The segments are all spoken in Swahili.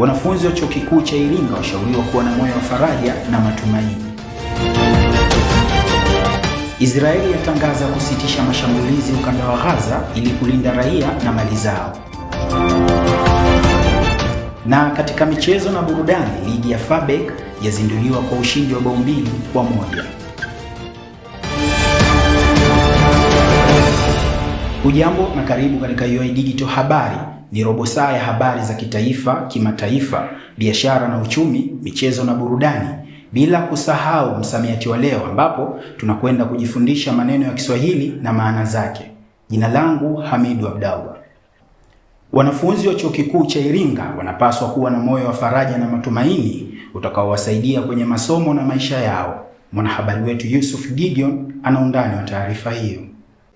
Wanafunzi wa Chuo Kikuu cha Iringa washauriwa kuwa na moyo wa faraja na matumaini. Israeli yatangaza kusitisha mashambulizi ukanda wa Gaza ili kulinda raia na mali zao. Na katika michezo na burudani, ligi ya FABEC yazinduliwa kwa ushindi wa bao mbili kwa moja. Hujambo na karibu katika UoI Digital Habari ni robo saa ya habari za kitaifa, kimataifa, biashara na uchumi, michezo na burudani, bila kusahau msamiati wa leo, ambapo tunakwenda kujifundisha maneno ya Kiswahili na maana zake. Jina langu Hamidu Abdallah. Wanafunzi wa Chuo Kikuu cha Iringa wanapaswa kuwa na moyo wa faraja na matumaini utakaowasaidia kwenye masomo na maisha yao. Mwanahabari wetu Yusuf Gideon ana undani wa taarifa hiyo.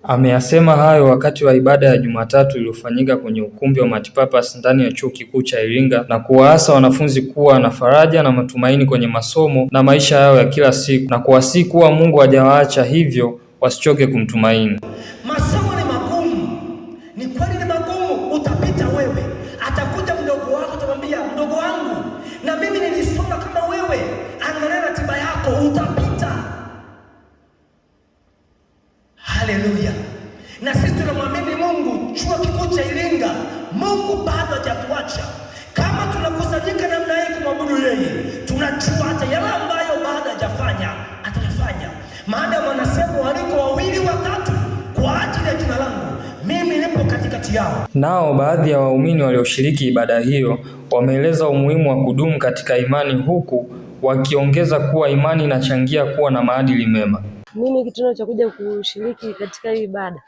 Ameyasema hayo wakati wa ibada ya Jumatatu iliyofanyika kwenye ukumbi wa Matipapas ndani ya Chuo Kikuu cha Iringa na kuwaasa wanafunzi kuwa na faraja na matumaini kwenye masomo na maisha yao ya kila siku na kuwasihi kuwa Mungu hajawaacha hivyo wasichoke kumtumaini. bado hajatuacha. Kama tunakusanyika namna hii kumwabudu yeye, tunajua hata yale ambayo bado hajafanya atafanya. maana wanasema waliko wawili watatu kwa ajili ya jina langu mimi nipo katikati yao. Nao baadhi ya waumini walioshiriki ibada hiyo wameeleza umuhimu wa kudumu katika imani, huku wakiongeza kuwa imani inachangia kuwa na maadili mema. Mimi kitendo cha kuja kushiriki katika hii ibada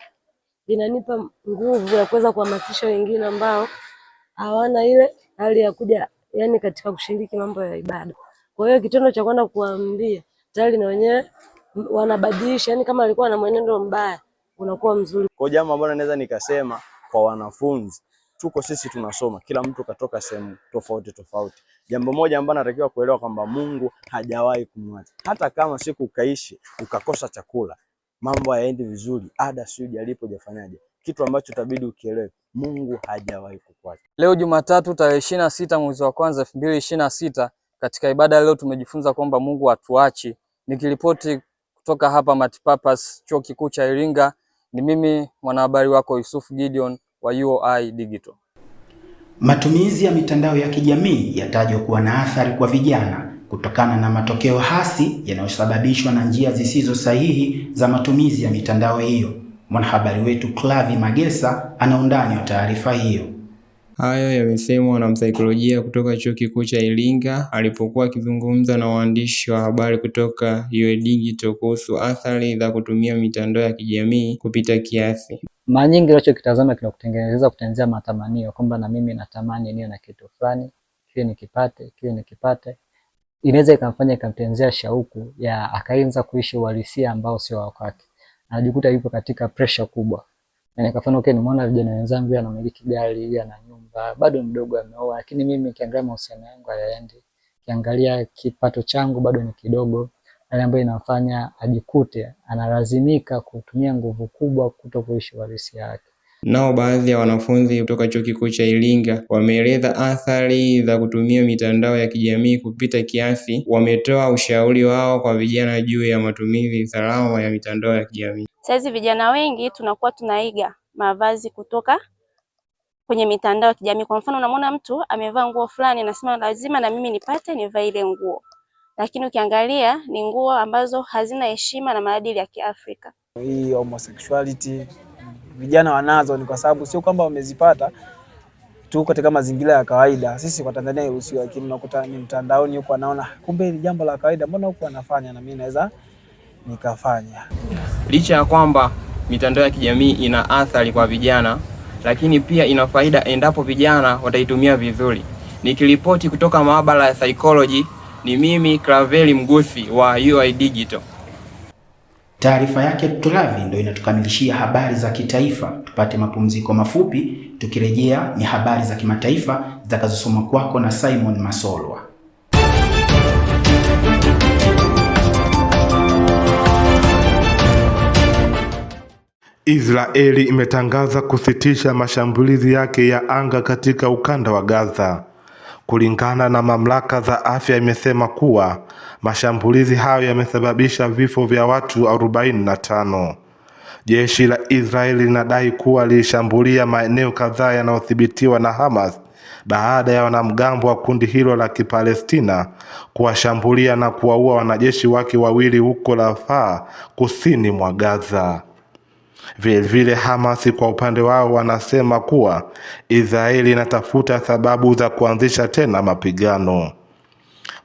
inanipa nguvu ya kuweza kuhamasisha wengine ambao hawana ile hali ya kuja yani katika kushiriki mambo ya ibada. Kwa hiyo kitendo cha kwenda kuambia tayari na wenyewe wanabadilisha, yani kama alikuwa na mwenendo mbaya unakuwa mzuri. Kwa jambo ambalo naweza nikasema kwa wanafunzi, tuko sisi tunasoma, kila mtu katoka sehemu tofauti tofauti. Jambo moja ambalo natakiwa kuelewa kwamba Mungu hajawahi kumwacha, hata kama siku ukaishi ukakosa chakula, mambo hayaendi vizuri, ada jalipo jafanyaje, kitu ambacho tabidi ukielewe, Mungu hajawahi kukuacha. Leo Jumatatu tarehe ishirini na sita mwezi wa kwanza elfu mbili ishirini na sita katika ibada leo tumejifunza kwamba Mungu hatuachi. Nikiripoti kutoka hapa Matipapas, chuo kikuu cha Iringa, ni mimi mwanahabari wako Yusuf Gideon wa UoI Digital. Matumizi ya mitandao ya kijamii yatajwa kuwa na athari kwa vijana kutokana na matokeo hasi yanayosababishwa na njia zisizo sahihi za matumizi ya mitandao hiyo. Mwanahabari wetu Clavi Magesa ana undani wa taarifa hiyo. Hayo yamesemwa na msaikolojia kutoka Chuo Kikuu cha Iringa alipokuwa akizungumza na waandishi wa habari kutoka UoI Digital kuhusu athari za kutumia mitandao ya kijamii kupita kiasi. Mara nyingi unachokitazama kinakutengeneza kutengeneza matamanio kwamba na mimi natamani niwe na kitu fulani, kile nikipate, kile nikipate. Inaweza ikamfanya ikamtenzea shauku ya akaanza kuishi uhalisia ambao sio kwake anajikuta yupo katika presha kubwa, na yaani nikafanya okay, nimeona vijana wenzangu anamiliki gari, ana nyumba, bado mdogo, ameoa, lakini mimi kiangalia mahusiano yangu hayaendi, kiangalia kipato changu bado ni kidogo, hali ambayo inafanya ajikute analazimika kutumia nguvu kubwa kuto kuishi uhalisia yake. Nao baadhi ya wanafunzi kutoka Chuo Kikuu cha Iringa wameeleza athari za kutumia mitandao ya kijamii kupita kiasi. Wametoa ushauri wao kwa vijana juu ya matumizi salama ya mitandao ya kijamii. Sasa vijana wengi tunakuwa tunaiga mavazi kutoka kwenye mitandao ya kijamii. Kwa mfano, unamwona mtu amevaa nguo fulani, anasema lazima na mimi nipate nivae ile nguo, lakini ukiangalia ni nguo ambazo hazina heshima na maadili ya Kiafrika. Hii homosexuality vijana wanazo ni kwa sababu sio kwamba wamezipata tu katika mazingira ya kawaida. Sisi kwa Tanzania hairuhusiwi, lakini unakuta ni mtandaoni huko anaona kumbe ni jambo la kawaida, mbona huko anafanya na mimi naweza nikafanya. Licha ya kwamba mitandao ya kijamii ina athari kwa vijana, lakini pia ina faida endapo vijana wataitumia vizuri. Nikiripoti kutoka maabara ya psychology, ni mimi Claveli Mgusi wa UoI Digital. Taarifa yake Tulavi ndio inatukamilishia habari za kitaifa. Tupate mapumziko mafupi, tukirejea ni habari za kimataifa zitakazosomwa kwako na Simon Masolwa. Israeli imetangaza kusitisha mashambulizi yake ya anga katika ukanda wa Gaza kulingana na mamlaka za afya imesema kuwa mashambulizi hayo yamesababisha vifo vya watu arobaini na tano. Jeshi la Israeli linadai kuwa lilishambulia maeneo kadhaa yanayodhibitiwa na Hamas baada ya wanamgambo wa kundi hilo la Kipalestina kuwashambulia na kuwaua wanajeshi wake wawili huko Rafah kusini mwa Gaza. Vilevile Hamas kwa upande wao wanasema kuwa Israeli inatafuta sababu za kuanzisha tena mapigano.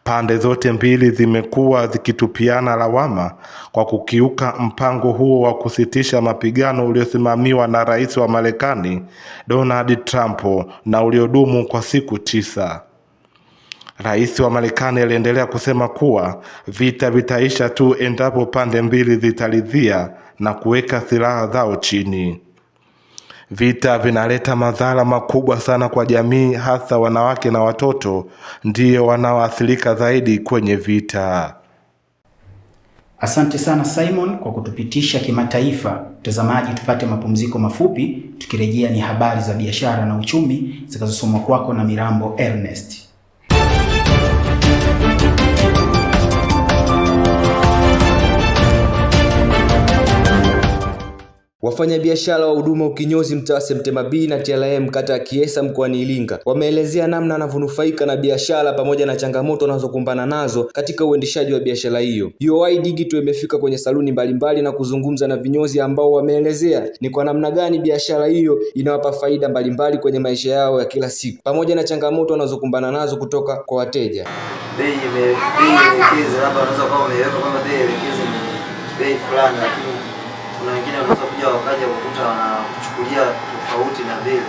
Pande zote mbili zimekuwa zikitupiana lawama kwa kukiuka mpango huo wa kusitisha mapigano uliosimamiwa na rais wa Marekani Donald Trump na uliodumu kwa siku tisa. Rais wa Marekani aliendelea kusema kuwa vita vitaisha tu endapo pande mbili zitaridhia na kuweka silaha zao chini. Vita vinaleta madhara makubwa sana kwa jamii, hasa wanawake na watoto ndiyo wanaoathirika zaidi kwenye vita. Asante sana Simon kwa kutupitisha kimataifa. Mtazamaji, tupate mapumziko mafupi, tukirejea ni habari za biashara na uchumi zikazosomwa kwako na Mirambo Ernest. Wafanyabiashara wa huduma ukinyozi mtaa Semtema B na TLM kata ya Kiesa mkoani Iringa wameelezea namna wanavyonufaika na biashara pamoja na changamoto wanazokumbana nazo katika uendeshaji wa biashara hiyo. UoI Digital imefika kwenye saluni mbalimbali na kuzungumza na vinyozi ambao wameelezea ni kwa namna gani biashara hiyo inawapa faida mbalimbali kwenye maisha yao ya kila siku pamoja na changamoto wanazokumbana nazo kutoka kwa wateja. Bei bei labda unaweza kuwa umeweka kama bei ni bei fulani lakini wanakuja wakaja kukuta wanachukulia tofauti na vile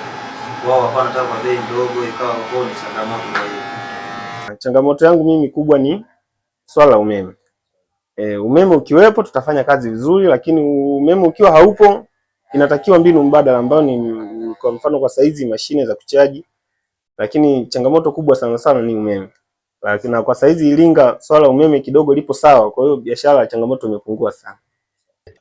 wao wakawa wanataka kwa bei ndogo, ikawa kwao ni changamoto. Kwa hiyo changamoto yangu mimi kubwa ni swala la umeme. E, umeme ukiwepo tutafanya kazi vizuri, lakini umeme ukiwa haupo inatakiwa mbinu mbadala ambayo ni kwa mfano kwa saizi mashine za kuchaji, lakini changamoto kubwa sana sana ni umeme. Lakini kwa saizi Iringa swala umeme kidogo lipo sawa, kwa hiyo biashara ya changamoto imepungua sana.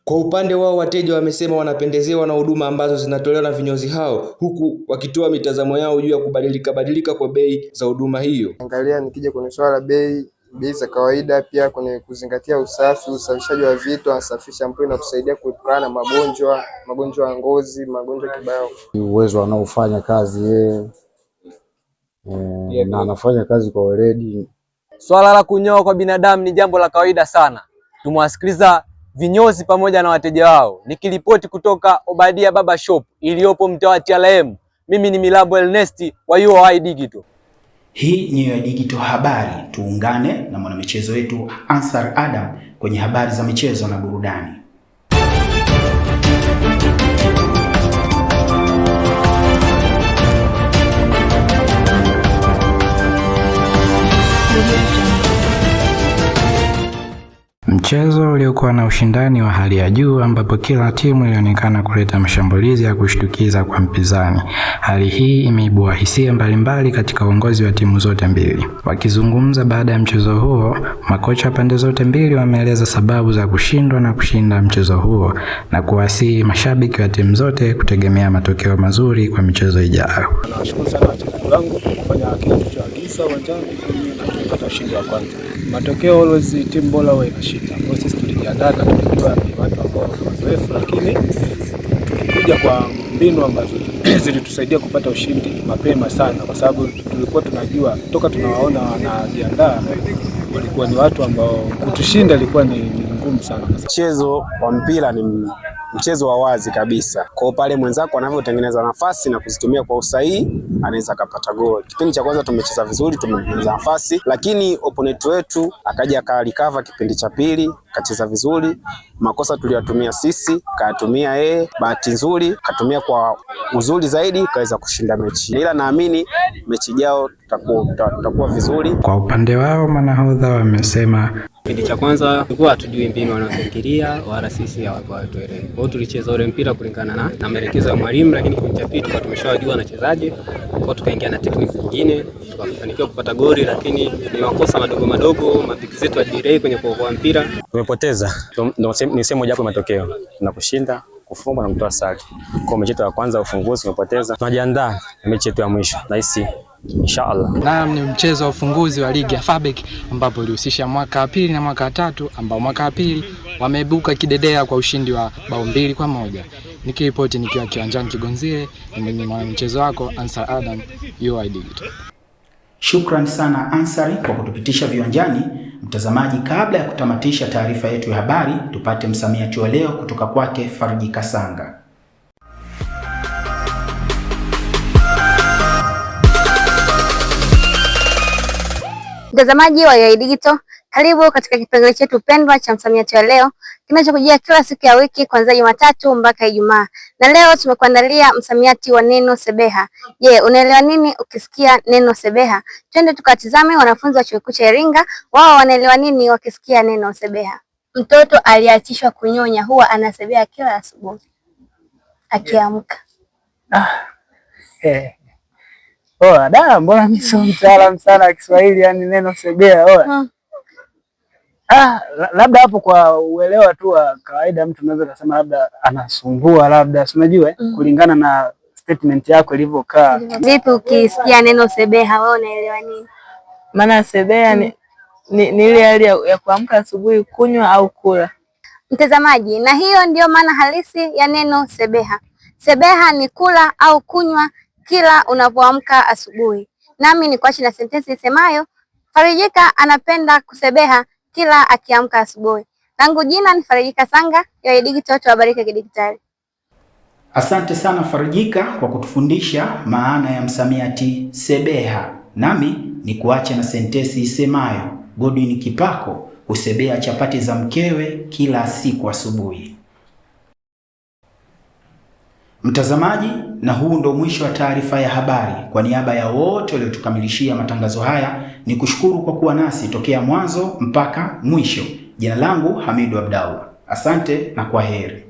Kwa upande wao, wateja wamesema wanapendezewa na huduma ambazo zinatolewa na vinyozi hao, huku wakitoa mitazamo yao juu ya kubadilika badilika kwa bei za huduma hiyo. Angalia, nikija kwenye swala la bei bei za kawaida, pia kwenye kuzingatia usafi, usafishaji wa vitu, anasafisha ambayo na kusaidia kuepukana na magonjwa magonjwa ya ngozi, magonjwa kibao, uwezo anaofanya kazi yeye e, na anafanya kazi kwa weledi. Swala la kunyoa kwa binadamu ni jambo la kawaida sana, tumewasikiliza vinyozi pamoja na wateja wao. Nikiripoti kutoka Obadia Baba Shop iliyopo mtaa wa mimi ni Milabo Ernest wa UoI Digital. Hii ni UoI Digital habari, tuungane na mwanamichezo wetu Ansar Adam kwenye habari za michezo na burudani. Mchezo uliokuwa na ushindani wa hali ya juu ambapo kila timu ilionekana kuleta mashambulizi ya kushtukiza kwa mpinzani. Hali hii imeibua hisia mbalimbali katika uongozi wa timu zote mbili. Wakizungumza baada ya mchezo huo, makocha pande zote mbili wameeleza sababu za kushindwa na kushinda mchezo huo na kuwasihi mashabiki wa timu zote kutegemea matokeo mazuri kwa michezo ijayo tulipata ushindi wa kwanza. Matokeo always timu bora huwa inashinda. Kwa sisi tulijiandaa na tulijua ni watu ambao wazoefu, lakini tulikuja kwa mbinu ambazo zilitusaidia kupata ushindi mapema sana, kwa sababu tulikuwa tunajua toka tunawaona wanajiandaa walikuwa ni watu ambao kutushinda ilikuwa ni, ni ngumu sana. Mchezo wa mpira ni mchezo wa wazi kabisa. Kwa pale mwenzako anavyotengeneza nafasi na kuzitumia kwa usahihi, anaweza akapata goli. Kipindi cha kwanza tumecheza vizuri, tumetengeneza nafasi, lakini opponent wetu akaja akarikava. Kipindi cha pili kacheza vizuri, makosa tuliyotumia sisi kayatumia yeye, bahati nzuri katumia kwa uzuri zaidi, kaweza kushinda mechi. Ila naamini mechi jao tutakuwa vizuri. Kwa upande wao, manahodha wamesema Kipindi cha kwanza tulikuwa hatujui mbinu wanazofikiria wala sisi hawatuelewi. Kwa hiyo tulicheza ule mpira kulingana na, na maelekezo ya mwalimu, lakini kipindi cha pili tulikuwa tumeshawajua wanachezaje, kwa tukaingia na tekniki nyingine tukafanikiwa kupata goli, lakini ni makosa madogo madogo mapiki zetu ajirei kwenye kuokoa mpira. Tumepoteza ni sehemu moja hapo matokeo na kushinda kufungwa na kutoa sare. Kwa mechi yetu ya kwanza ufunguzi tumepoteza, tunajiandaa na mechi yetu ya mwisho nahisi Inshallah. Naam, ni mchezo wa ufunguzi wa ligi ya Fabek ambapo ulihusisha mwaka wa pili na mwaka wa tatu ambao mwaka wa pili wameibuka kidedea kwa ushindi wa bao mbili kwa moja. Nikiripoti nikiwa kiwanjani Kigonzile, ni mwanamchezo wako Ansar Adam UoI Digital. Shukran sana Ansari kwa kutupitisha viwanjani. Mtazamaji, kabla ya kutamatisha taarifa yetu ya habari, tupate msamiati wa leo kutoka kwake Farji Kasanga. Mtazamaji wa UoI Digital, karibu katika kipengele chetu pendwa cha msamiati wa leo kinachokujia kila siku ya wiki kuanzia Jumatatu mpaka Ijumaa, na leo tumekuandalia msamiati wa neno sebeha. Je, unaelewa nini ukisikia neno sebeha? Twende tukatizame wanafunzi wa chuo kikuu cha Iringa wao wanaelewa nini wakisikia neno sebeha. Mtoto aliachishwa kunyonya huwa anasebeha kila asubuhi akiamka. Ah, eh. Oa da, mbona mimi sio mtaalamu sana wa Kiswahili, yani neno segea oa. Ah, labda hapo kwa uelewa tu wa kawaida mtu unaweza kusema labda anasumbua, labda si unajua mm. kulingana na statement yako ilivyokaa. Vipi ukisikia neno sebeha wewe unaelewa nini? Maana sebeha mm. ni, ni ile hali ya, ya kuamka asubuhi kunywa au kula. Mtazamaji, na hiyo ndiyo maana halisi ya neno sebeha. Sebeha ni kula au kunywa kila unapoamka asubuhi. Nami ni kuachi na sentensi isemayo Farijika anapenda kusebeha kila akiamka asubuhi. Langu jina ni Farijika Sanga ya Digital Watu Wabarika Kidigitali. Asante sana Farijika kwa kutufundisha maana ya msamiati sebeha. Nami ni kuacha na sentensi isemayo Godwin Kipako husebeha chapati za mkewe kila siku asubuhi. Mtazamaji, na huu ndo mwisho wa taarifa ya habari. Kwa niaba ya wote waliotukamilishia matangazo haya, ni kushukuru kwa kuwa nasi tokea mwanzo mpaka mwisho. Jina langu Hamidu Abdalla, asante na kwa heri.